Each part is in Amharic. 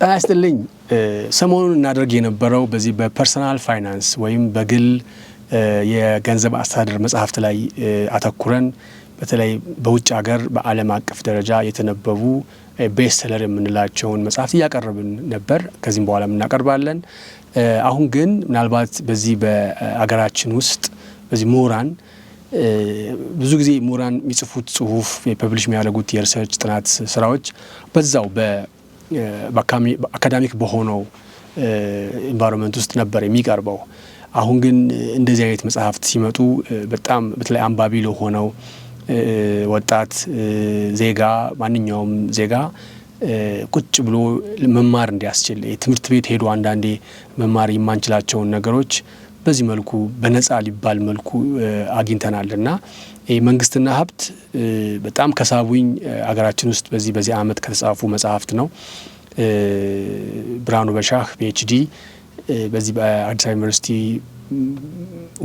ጤና ይስጥልኝ። ሰሞኑን እናደርግ የነበረው በዚህ በፐርሰናል ፋይናንስ ወይም በግል የገንዘብ አስተዳደር መጽሐፍት ላይ አተኩረን በተለይ በውጭ ሀገር በዓለም አቀፍ ደረጃ የተነበቡ ቤስትሰለር የምንላቸውን መጽሐፍት እያቀረብን ነበር። ከዚህም በኋላ እናቀርባለን። አሁን ግን ምናልባት በዚህ በአገራችን ውስጥ በዚህ ምሁራን ብዙ ጊዜ ምሁራን የሚጽፉት ጽሁፍ የፐብሊሽ የሚያደርጉት የሪሰርች ጥናት ስራዎች በዛው አካዳሚክ በሆነው ኢንቫይሮንመንት ውስጥ ነበር የሚቀርበው። አሁን ግን እንደዚህ አይነት መጽሐፍት ሲመጡ በጣም በተለይ አንባቢ ለሆነው ወጣት ዜጋ ማንኛውም ዜጋ ቁጭ ብሎ መማር እንዲያስችል ትምህርት ቤት ሄዶ አንዳንዴ መማር የማንችላቸውን ነገሮች በዚህ መልኩ በነፃ ሊባል መልኩ አግኝተናል እና መንግስትና ሀብት በጣም ከሳቡኝ አገራችን ውስጥ በዚህ በዚህ አመት ከተጻፉ መጽሐፍት ነው። ብርሃኑ በሻህ ፒኤችዲ በዚህ በአዲስ አበባ ዩኒቨርሲቲ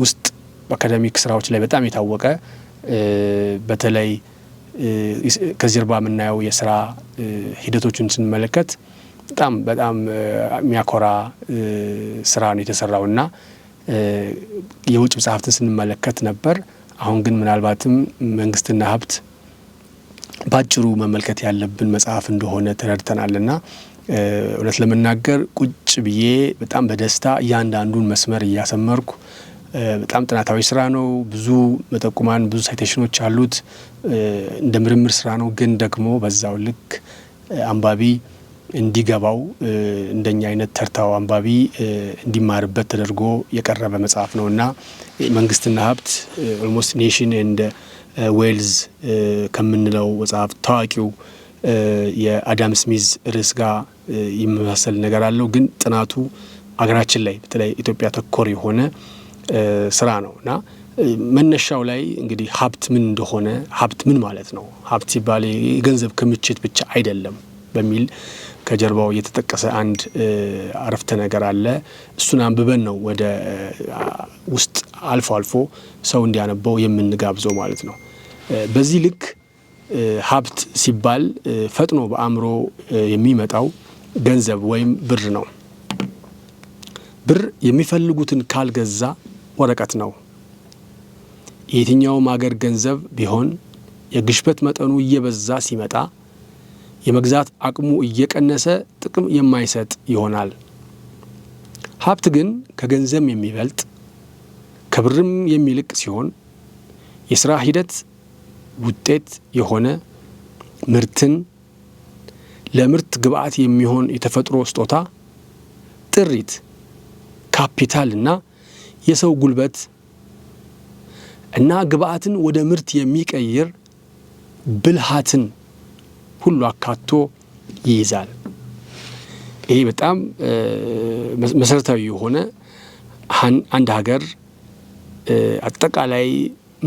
ውስጥ በአካዳሚክ ስራዎች ላይ በጣም የታወቀ በተለይ ከጀርባ የምናየው የስራ ሂደቶችን ስንመለከት በጣም በጣም የሚያኮራ ስራ ነው እና የውጭ መጽሐፍትን ስንመለከት ነበር። አሁን ግን ምናልባትም መንግስትና ሀብት ባጭሩ መመልከት ያለብን መጽሐፍ እንደሆነ ተረድተናል እና እውነት ለመናገር ቁጭ ብዬ በጣም በደስታ እያንዳንዱን መስመር እያሰመርኩ በጣም ጥናታዊ ስራ ነው። ብዙ መጠቁማን ብዙ ሳይቴሽኖች አሉት። እንደ ምርምር ስራ ነው፣ ግን ደግሞ በዛው ልክ አንባቢ እንዲገባው እንደኛ አይነት ተርታው አንባቢ እንዲማርበት ተደርጎ የቀረበ መጽሐፍ ነው እና መንግስትና ሀብት ኦልሞስት ኔሽን እንደ ዌልዝ ከምንለው መጽሐፍ ታዋቂው የአዳም ስሚዝ ርዕስ ጋር የሚመሳሰል ነገር አለው። ግን ጥናቱ አገራችን ላይ በተለይ ኢትዮጵያ ተኮር የሆነ ስራ ነው እና መነሻው ላይ እንግዲህ ሀብት ምን እንደሆነ ሀብት ምን ማለት ነው? ሀብት ሲባል የገንዘብ ክምችት ብቻ አይደለም። በሚል ከጀርባው የተጠቀሰ አንድ አረፍተ ነገር አለ። እሱን አንብበን ነው ወደ ውስጥ አልፎ አልፎ ሰው እንዲያነበው የምንጋብዘው ማለት ነው። በዚህ ልክ ሀብት ሲባል ፈጥኖ በአእምሮ የሚመጣው ገንዘብ ወይም ብር ነው። ብር የሚፈልጉትን ካልገዛ ወረቀት ነው። የየትኛውም አገር ገንዘብ ቢሆን የግሽበት መጠኑ እየበዛ ሲመጣ የመግዛት አቅሙ እየቀነሰ ጥቅም የማይሰጥ ይሆናል። ሀብት ግን ከገንዘብ የሚበልጥ ከብርም የሚልቅ ሲሆን የስራ ሂደት ውጤት የሆነ ምርትን ለምርት ግብዓት የሚሆን የተፈጥሮ ስጦታ፣ ጥሪት፣ ካፒታል እና የሰው ጉልበት እና ግብዓትን ወደ ምርት የሚቀይር ብልሃትን ሁሉ አካቶ ይይዛል። ይሄ በጣም መሰረታዊ የሆነ አንድ ሀገር አጠቃላይ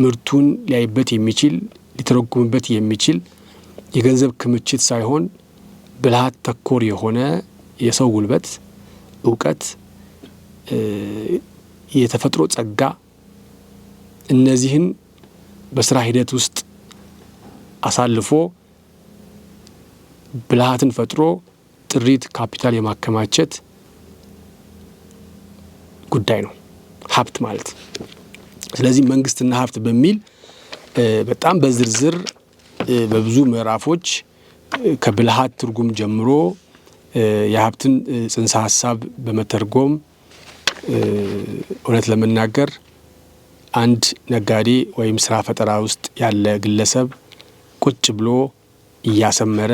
ምርቱን ሊያይበት የሚችል ሊተረጉምበት የሚችል የገንዘብ ክምችት ሳይሆን ብልሃት ተኮር የሆነ የሰው ጉልበት፣ እውቀት፣ የተፈጥሮ ጸጋ እነዚህን በስራ ሂደት ውስጥ አሳልፎ ብልሃትን ፈጥሮ ጥሪት ካፒታል የማከማቸት ጉዳይ ነው ሀብት ማለት። ስለዚህ መንግስትና ሀብት በሚል በጣም በዝርዝር በብዙ ምዕራፎች ከብልሃት ትርጉም ጀምሮ የሀብትን ጽንሰ ሀሳብ በመተርጎም እውነት ለመናገር አንድ ነጋዴ ወይም ስራ ፈጠራ ውስጥ ያለ ግለሰብ ቁጭ ብሎ እያሰመረ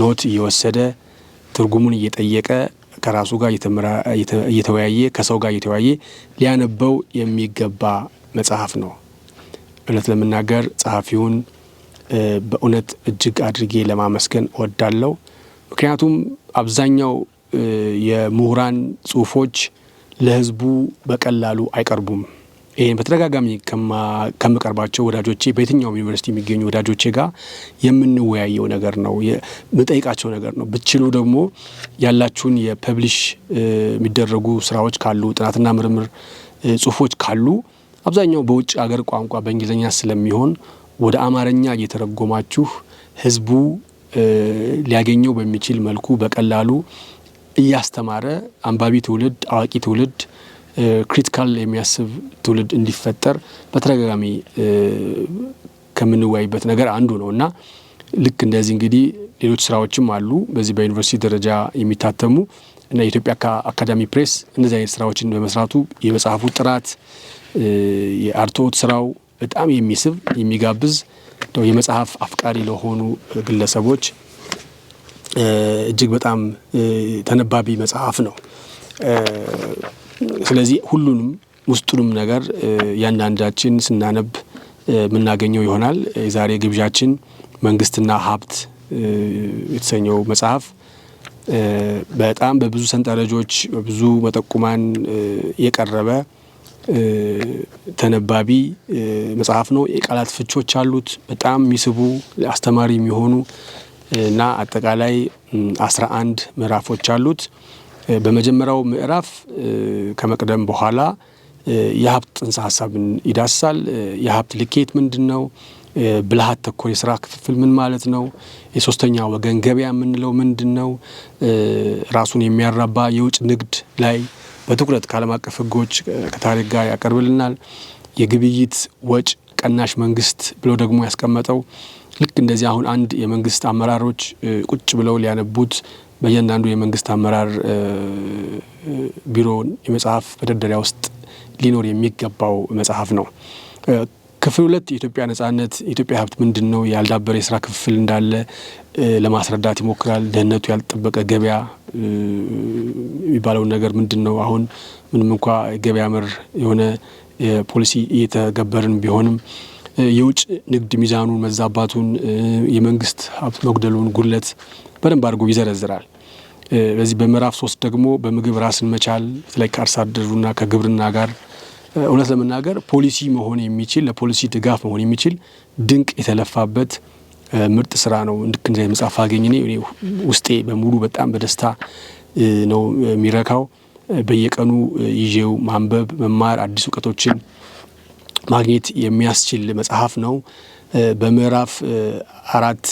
ኖት እየወሰደ ትርጉሙን እየጠየቀ ከራሱ ጋር እየተወያየ ከሰው ጋር እየተወያየ ሊያነበው የሚገባ መጽሐፍ ነው። እውነት ለመናገር ጸሐፊውን በእውነት እጅግ አድርጌ ለማመስገን እወዳለሁ። ምክንያቱም አብዛኛው የምሁራን ጽሁፎች ለህዝቡ በቀላሉ አይቀርቡም። ይህን በተደጋጋሚ ከምቀርባቸው ወዳጆቼ በየትኛውም ዩኒቨርሲቲ የሚገኙ ወዳጆቼ ጋር የምንወያየው ነገር ነው፣ የምጠይቃቸው ነገር ነው። ብችሉ ደግሞ ያላችሁን የፐብሊሽ የሚደረጉ ስራዎች ካሉ ጥናትና ምርምር ጽሁፎች ካሉ አብዛኛው በውጭ ሀገር ቋንቋ በእንግሊዝኛ ስለሚሆን ወደ አማርኛ እየተረጎማችሁ ህዝቡ ሊያገኘው በሚችል መልኩ በቀላሉ እያስተማረ አንባቢ ትውልድ፣ አዋቂ ትውልድ ክሪቲካል የሚያስብ ትውልድ እንዲፈጠር በተደጋጋሚ ከምንወያይበት ነገር አንዱ ነው እና ልክ እንደዚህ እንግዲህ ሌሎች ስራዎችም አሉ በዚህ በዩኒቨርሲቲ ደረጃ የሚታተሙ እና የኢትዮጵያ አካዳሚ ፕሬስ እነዚህ አይነት ስራዎችን በመስራቱ የመጽሐፉ ጥራት የአርቶት ስራው በጣም የሚስብ የሚጋብዝ የመጽሐፍ አፍቃሪ ለሆኑ ግለሰቦች እጅግ በጣም ተነባቢ መጽሐፍ ነው። ስለዚህ ሁሉንም ውስጡንም ነገር እያንዳንዳችን ስናነብ የምናገኘው ይሆናል። የዛሬ ግብዣችን መንግስትና ሀብት የተሰኘው መጽሐፍ በጣም በብዙ ሰንጠረዦች በብዙ መጠቁማን የቀረበ ተነባቢ መጽሐፍ ነው። የቃላት ፍቾች አሉት በጣም የሚስቡ አስተማሪ የሚሆኑ እና አጠቃላይ አስራ አንድ ምዕራፎች አሉት። በመጀመሪያው ምዕራፍ ከመቅደም በኋላ የሀብት ጥንሰ ሀሳብን ይዳሳል። የሀብት ልኬት ምንድን ነው? ብልሃት ተኮር የስራ ክፍፍል ምን ማለት ነው? የሶስተኛ ወገን ገበያ የምንለው ምንድን ነው? ራሱን የሚያራባ የውጭ ንግድ ላይ በትኩረት ከዓለም አቀፍ ህጎች ከታሪክ ጋር ያቀርብልናል። የግብይት ወጭ ቀናሽ መንግስት ብሎ ደግሞ ያስቀመጠው ልክ እንደዚህ አሁን አንድ የመንግስት አመራሮች ቁጭ ብለው ሊያነቡት በእያንዳንዱ የመንግስት አመራር ቢሮ የመጽሐፍ መደርደሪያ ውስጥ ሊኖር የሚገባው መጽሐፍ ነው። ክፍል ሁለት የኢትዮጵያ ነጻነት የኢትዮጵያ ሀብት ምንድን ነው? ያልዳበረ የስራ ክፍፍል እንዳለ ለማስረዳት ይሞክራል። ደህንነቱ ያልጠበቀ ገበያ የሚባለውን ነገር ምንድን ነው? አሁን ምንም እንኳ ገበያ መር የሆነ ፖሊሲ እየተገበርን ቢሆንም የውጭ ንግድ ሚዛኑን መዛባቱን፣ የመንግስት ሀብት መጉደሉን፣ ጉድለት በደንብ አድርጎ ይዘረዝራል። በዚህ በምዕራፍ ሶስት ደግሞ በምግብ ራስን መቻል በተለይ ከአርሶ አደሩና ከግብርና ጋር እውነት ለመናገር ፖሊሲ መሆን የሚችል ለፖሊሲ ድጋፍ መሆን የሚችል ድንቅ የተለፋበት ምርጥ ስራ ነው። እንድክ እንደዚህ መጽሐፍ አገኝ እኔ ውስጤ በሙሉ በጣም በደስታ ነው የሚረካው። በየቀኑ ይዤው ማንበብ፣ መማር፣ አዲስ እውቀቶችን ማግኘት የሚያስችል መጽሐፍ ነው። በምዕራፍ አራት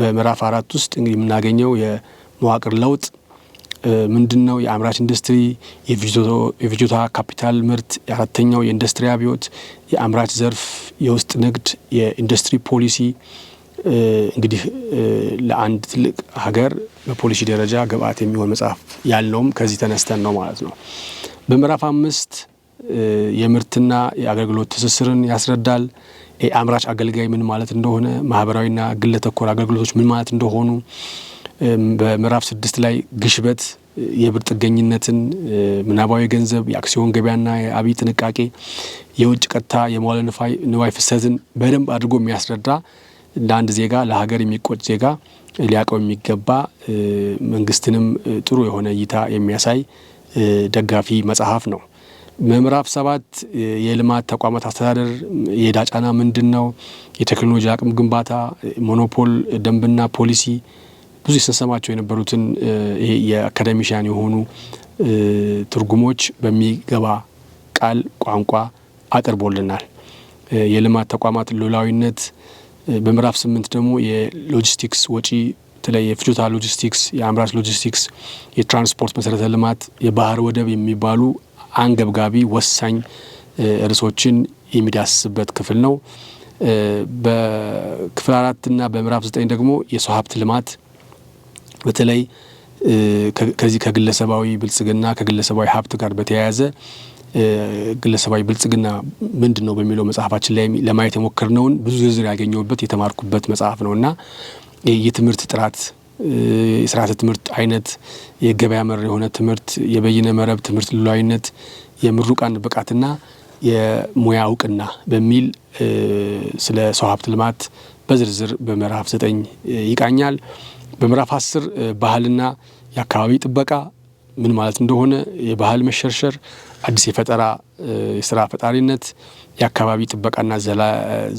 በምዕራፍ አራት ውስጥ እንግዲህ የምናገኘው የመዋቅር ለውጥ ምንድን ነው? የአምራች ኢንዱስትሪ፣ የቪጆታ ካፒታል ምርት፣ የአራተኛው የኢንዱስትሪ አብዮት፣ የአምራች ዘርፍ፣ የውስጥ ንግድ፣ የኢንዱስትሪ ፖሊሲ እንግዲህ ለአንድ ትልቅ ሀገር በፖሊሲ ደረጃ ግብአት የሚሆን መጽሐፍ ያለውም ከዚህ ተነስተን ነው ማለት ነው። በምዕራፍ አምስት የምርትና የአገልግሎት ትስስርን ያስረዳል። አምራች አገልጋይ ምን ማለት እንደሆነ፣ ማህበራዊና ግለ ተኮር አገልግሎቶች ምን ማለት እንደሆኑ በምዕራፍ ስድስት ላይ ግሽበት፣ የብር ጥገኝነትን፣ ምናባዊ ገንዘብ፣ የአክሲዮን ገበያና የአብይ ጥንቃቄ፣ የውጭ ቀጥታ የመዋለ ንዋይ ፍሰትን በደንብ አድርጎ የሚያስረዳ ለአንድ ዜጋ ለሀገር የሚቆጭ ዜጋ ሊያቀው የሚገባ መንግስትንም ጥሩ የሆነ እይታ የሚያሳይ ደጋፊ መጽሐፍ ነው። ምዕራፍ ሰባት የልማት ተቋማት አስተዳደር የዕዳ ጫና ምንድን ነው? የቴክኖሎጂ አቅም ግንባታ፣ ሞኖፖል ደንብና ፖሊሲ ብዙ የሰሰማቸው የነበሩትን የአካደሚሽያን የሆኑ ትርጉሞች በሚገባ ቃል ቋንቋ አቅርቦልናል። የልማት ተቋማት ሉዓላዊነት በምዕራፍ ስምንት ደግሞ የሎጂስቲክስ ወጪ በተለይ የፍጆታ ሎጂስቲክስ፣ የአምራች ሎጂስቲክስ፣ የትራንስፖርት መሰረተ ልማት፣ የባህር ወደብ የሚባሉ አንገብጋቢ ወሳኝ ርዕሶችን የሚዳስስበት ክፍል ነው። በክፍል አራትና በምዕራፍ ዘጠኝ ደግሞ የሰው ሀብት ልማት በተለይ ከዚህ ከግለሰባዊ ብልጽግና ከግለሰባዊ ሀብት ጋር በተያያዘ ግለሰባዊ ብልጽግና ምንድን ነው በሚለው መጽሐፋችን ላይ ለማየት የሞከርነውን ብዙ ዝርዝር ያገኘሁበት የተማርኩበት መጽሐፍ ነው እና የትምህርት ጥራት የስርዓተ ትምህርት አይነት፣ የገበያ መር የሆነ ትምህርት፣ የበይነ መረብ ትምህርት ሉዓላዊነት፣ የምሩቃን ብቃትና የሙያ እውቅና በሚል ስለ ሰው ሀብት ልማት በዝርዝር በምዕራፍ ዘጠኝ ይቃኛል። በምዕራፍ አስር ባህልና የአካባቢ ጥበቃ ምን ማለት እንደሆነ፣ የባህል መሸርሸር፣ አዲስ የፈጠራ የስራ ፈጣሪነት፣ የአካባቢ ጥበቃና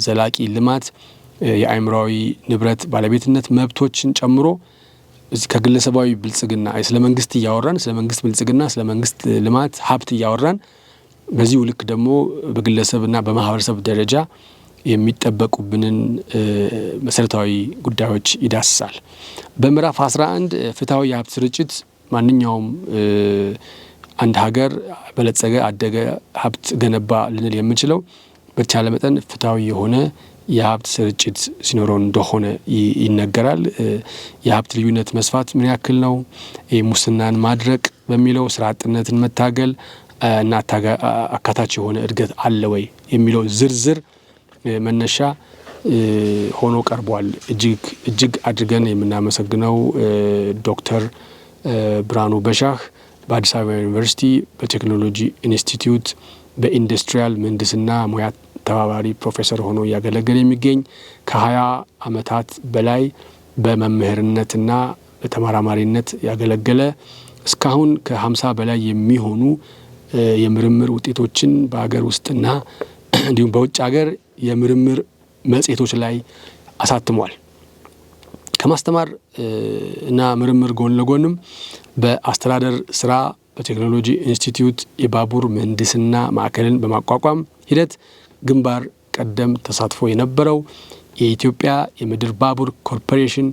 ዘላቂ ልማት የአይምራዊ ንብረት ባለቤትነት መብቶችን ጨምሮ ከግለሰባዊ ብልጽግና ስለ መንግስት እያወራን ስለ መንግስት ብልጽግና ስለ መንግስት ልማት ሀብት እያወራን በዚሁ ልክ ደግሞ በግለሰብና በማህበረሰብ ደረጃ የሚጠበቁብንን መሰረታዊ ጉዳዮች ይዳስሳል። በምዕራፍ 11 ፍትሐዊ የሀብት ስርጭት ማንኛውም አንድ ሀገር በለጸገ፣ አደገ፣ ሀብት ገነባ ልንል የምንችለው በተቻለ መጠን ፍትሐዊ የሆነ የሀብት ስርጭት ሲኖረው እንደሆነ ይነገራል። የሀብት ልዩነት መስፋት ምን ያክል ነው? ሙስናን ማድረቅ በሚለው ስራ አጥነትን መታገል እና አካታች የሆነ እድገት አለ ወይ የሚለው ዝርዝር መነሻ ሆኖ ቀርቧል። እጅግ እጅግ አድርገን የምናመሰግነው ዶክተር ብርሃኑ በሻህ በአዲስ አበባ ዩኒቨርሲቲ በቴክኖሎጂ ኢንስቲትዩት በኢንዱስትሪያል ምህንድስና ሙያ ተባባሪ ፕሮፌሰር ሆኖ እያገለገለ የሚገኝ ከሀያ ዓመታት በላይ በመምህርነትና በተመራማሪነት ያገለገለ እስካሁን ከሀምሳ በላይ የሚሆኑ የምርምር ውጤቶችን በሀገር ውስጥና እንዲሁም በውጭ ሀገር የምርምር መጽሔቶች ላይ አሳትሟል። ከማስተማር እና ምርምር ጎን ለጎንም በአስተዳደር ስራ በቴክኖሎጂ ኢንስቲትዩት የባቡር ምህንድስና ማዕከልን በማቋቋም ሂደት ግንባር ቀደም ተሳትፎ የነበረው የኢትዮጵያ የምድር ባቡር ኮርፖሬሽን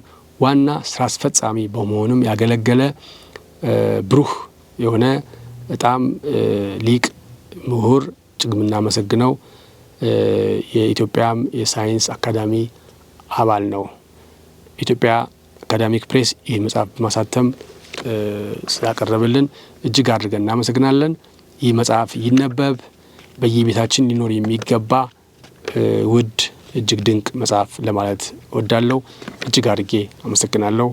ዋና ስራ አስፈጻሚ በመሆኑም ያገለገለ ብሩህ የሆነ በጣም ሊቅ ምሁር እጅግ የምናመሰግነው የኢትዮጵያም የሳይንስ አካዳሚ አባል ነው። ኢትዮጵያ አካዳሚክ ፕሬስ ይህ መጽሐፍ በማሳተም ስላቀረብልን እጅግ አድርገን እናመሰግናለን። ይህ መጽሐፍ ይነበብ። በየቤታችን ሊኖር የሚገባ ውድ እጅግ ድንቅ መጽሐፍ ለማለት እወዳለሁ። እጅግ አድርጌ አመሰግናለሁ።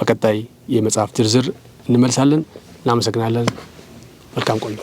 በቀጣይ የመጽሐፍ ዝርዝር እንመልሳለን። እናመሰግናለን። መልካም ቆዩ።